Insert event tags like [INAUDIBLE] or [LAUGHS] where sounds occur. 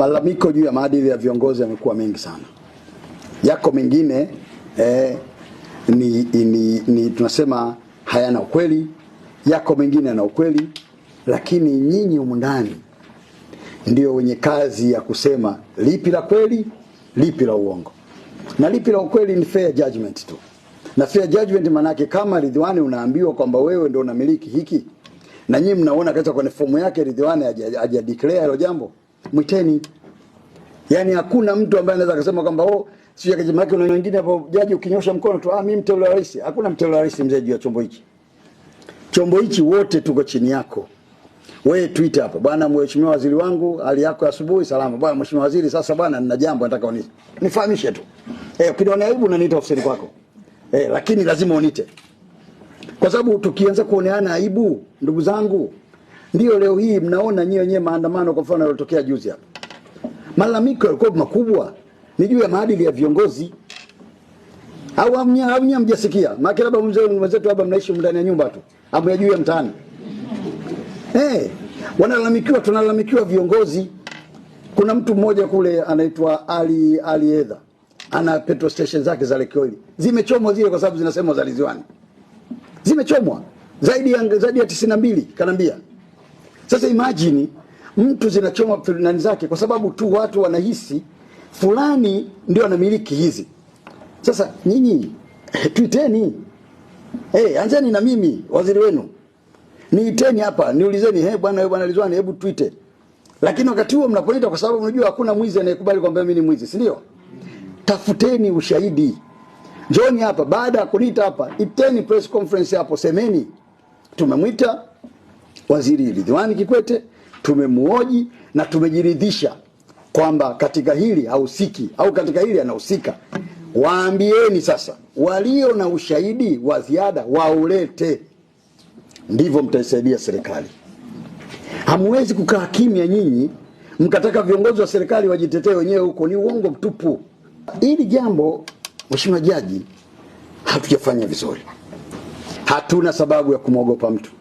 Malalamiko juu ya maadili ya viongozi yamekuwa mengi sana, yako mengine eh, ni, ni, ni tunasema hayana ukweli, yako mengine yana ukweli, lakini nyinyi humu ndani ndio wenye kazi ya kusema lipi la kweli, lipi la uongo na lipi la ukweli. Ni fair judgment tu, na fair judgment maanake, kama Ridhiwani unaambiwa kwamba wewe ndio unamiliki hiki na nyinyi mnaona katika kwenye fomu yake Ridhiwani haja declare hilo jambo mwiteni. Yani hakuna mtu ambaye anaweza kusema kwamba oh, sio yake jamaa yake. Na wengine hapo, jaji ukinyosha mkono tu, ah, mimi mteule wa rais. Hakuna mteule wa rais mzee juu ya chombo hichi. Chombo hichi wote tuko chini yako. Wewe Twitter hapa, bwana mheshimiwa waziri wangu, hali yako asubuhi salama. Bwana mheshimiwa waziri, sasa bwana, nina jambo nataka uniite. Nifahamishe tu. Eh, ukiona aibu unaniita ofisini kwako. Eh, lakini lazima unite. Kwa sababu tukianza kuoneana aibu, ndugu zangu, ndio leo hii mnaona nyinyi wenyewe maandamano kwa mfano yalotokea juzi hapa. Malalamiko yalikuwa makubwa ni juu ya maadili ya viongozi. Au hamnya mjasikia. Maana labda mzee mwenzetu labda mnaishi ndani ya nyumba tu. Hapo juu ya mtaani. Eh, hey, wanalalamikiwa tunalalamikiwa viongozi. Kuna mtu mmoja kule anaitwa Ali Ali Edha. Ana petrol station zake za Lake Zimechomwa zile kwa sababu zinasemwa zaliziwani Zimechomwa zaidi ya zaidi ya 92 kanambia. Sasa imagine mtu zinachoma nani zake kwa sababu tu watu wanahisi fulani ndio anamiliki hizi. Sasa nyinyi [LAUGHS] tuiteni, hey, eh, anzeni na mimi waziri wenu niiteni hapa niulizeni, he eh, bwana bwana Ridhiwani, hebu tuite. Lakini wakati huo mnapoita, kwa sababu mnajua hakuna mwizi anayekubali kwamba mimi ni mwizi, si ndio? Tafuteni ushahidi, njoni hapa. Baada ya kuniita hapa, iteni press conference hapo, semeni tumemwita Waziri Ridhiwani Kikwete, tumemuoji na tumejiridhisha kwamba katika hili hahusiki au katika hili anahusika. Waambieni sasa, walio na ushahidi wa ziada waulete, ndivyo mtaisaidia serikali. Hamwezi kukaa kimya nyinyi mkataka viongozi wa serikali wajitetee wenyewe huko, ni uongo mtupu. Hili jambo Mheshimiwa Jaji, hatujafanya vizuri. Hatuna sababu ya kumwogopa mtu.